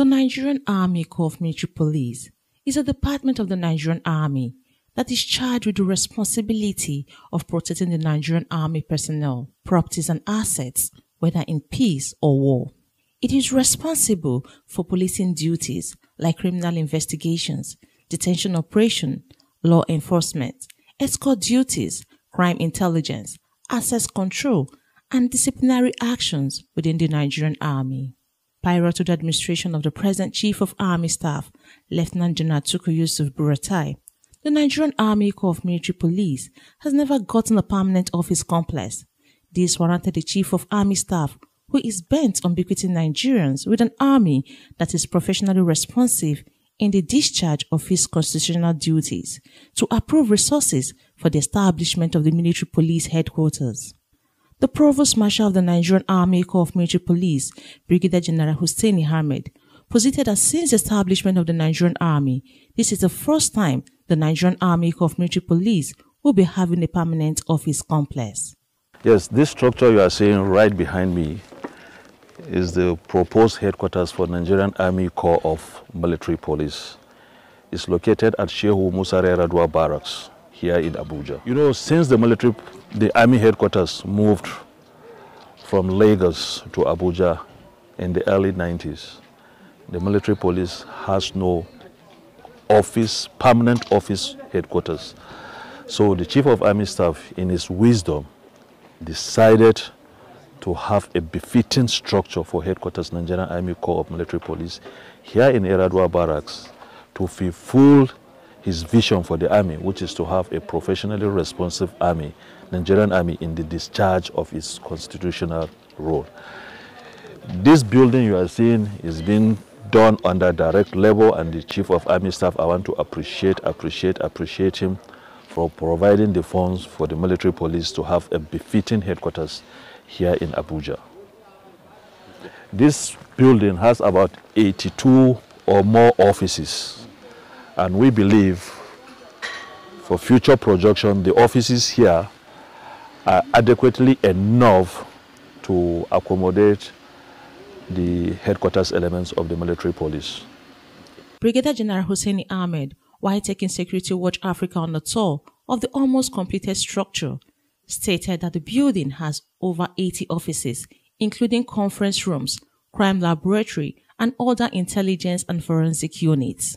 The Nigerian Army Corps of Military Police is a department of the Nigerian Army that is charged with the responsibility of protecting the Nigerian Army personnel, properties, and assets, whether in peace or war. It is responsible for policing duties like criminal investigations, detention operation, law enforcement, escort duties, crime intelligence, access control, and disciplinary actions within the Nigerian Army prior to the administration of the present Chief of Army Staff, Lieutenant General Tuku Yusuf Buratai. The Nigerian Army Corps of Military Police has never gotten a permanent office complex. This warranted the Chief of Army Staff, who is bent on bequeathing Nigerians with an army that is professionally responsive in the discharge of his constitutional duties, to approve resources for the establishment of the military police headquarters. The Provost Marshal of the Nigerian Army Corps of Military Police, Brigadier General Husseini Ahmed, posited that since the establishment of the Nigerian Army, this is the first time the Nigerian Army Corps of Military Police will be having a permanent office complex. Yes, this structure you are seeing right behind me is the proposed headquarters for Nigerian Army Corps of Military Police. It's located at Shehu Musare Radwa Barracks here in Abuja. You know, since the military, the army headquarters moved from Lagos to Abuja in the early 90s, the military police has no office, permanent office headquarters. So the chief of army staff, in his wisdom, decided to have a befitting structure for headquarters Nigerian Army Corps of Military Police here in Eradua Barracks to fulfill his vision for the army, which is to have a professionally responsive army, Nigerian army, in the discharge of its constitutional role. This building you are seeing is being done under direct level, and the chief of army staff, I want to appreciate, appreciate, appreciate him for providing the funds for the military police to have a befitting headquarters here in Abuja. This building has about 82 or more offices and we believe for future projection, the offices here are adequately enough to accommodate the headquarters elements of the military police. Brigadier General Hussein Ahmed, while taking Security Watch Africa on a tour of the almost completed structure, stated that the building has over 80 offices, including conference rooms, crime laboratory, and other intelligence and forensic units.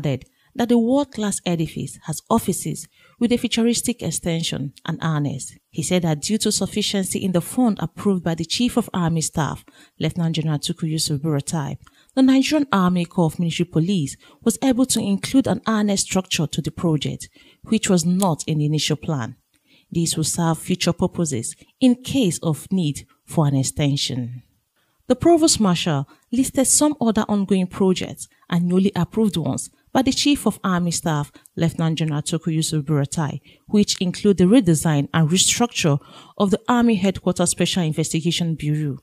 added that the world class edifice has offices with a futuristic extension and annex. He said that due to sufficiency in the fund approved by the Chief of Army Staff, Lieutenant General Tuku Yusuf Buratai, the Nigerian Army Corps of Military Police was able to include an annex structure to the project, which was not in the initial plan. This will serve future purposes in case of need for an extension. The Provost Marshal listed some other ongoing projects and newly approved ones by the Chief of Army Staff, Lieutenant General Toku Yusuf Buratai, which include the redesign and restructure of the Army Headquarters Special Investigation Bureau,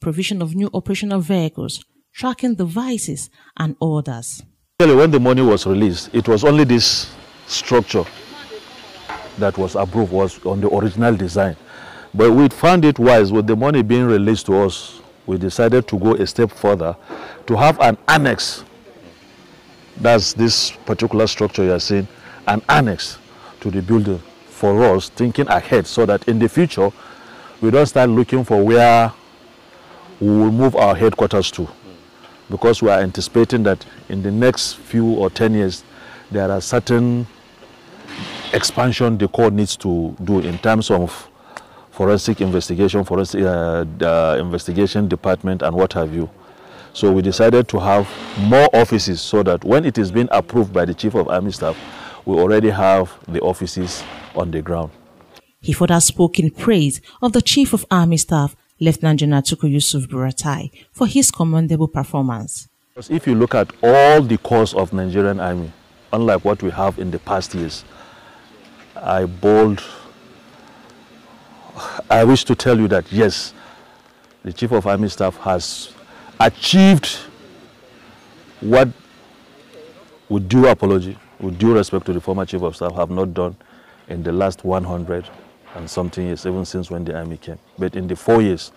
provision of new operational vehicles, tracking devices, and orders. When the money was released, it was only this structure that was approved was on the original design. But we found it wise with the money being released to us, we decided to go a step further to have an annex that's this particular structure you are seeing, an annex to the building for us, thinking ahead so that in the future, we don't start looking for where we will move our headquarters to. Because we are anticipating that in the next few or 10 years, there are certain expansion the court needs to do in terms of forensic investigation, forensic uh, investigation department and what have you. So we decided to have more offices so that when it is being approved by the Chief of Army Staff, we already have the offices on the ground. He further spoke in praise of the Chief of Army Staff, Lieutenant General Tuku Yusuf Buratai, for his commendable performance. If you look at all the corps of Nigerian Army, unlike what we have in the past years, I bold, I wish to tell you that yes, the Chief of Army Staff has achieved what with due apology, with due respect to the former chief of staff, have not done in the last 100 and something years, even since when the army came. But in the four years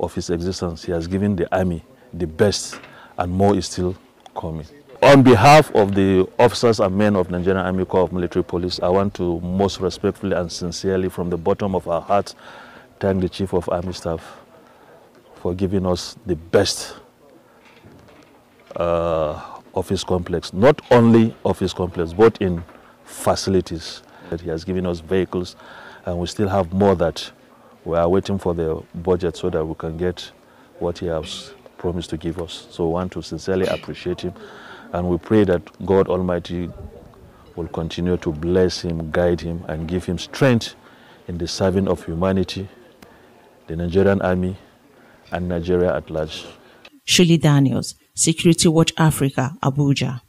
of his existence, he has given the army the best and more is still coming. On behalf of the officers and men of Nigerian Army Corps of Military Police, I want to most respectfully and sincerely from the bottom of our hearts thank the Chief of Army Staff for giving us the best uh, office complex, not only office complex, but in facilities. That he has given us vehicles, and we still have more that we are waiting for the budget so that we can get what he has promised to give us. So we want to sincerely appreciate him, and we pray that God Almighty will continue to bless him, guide him, and give him strength in the serving of humanity, the Nigerian army, and Nigeria at large. Shirley Daniels, Security Watch Africa, Abuja.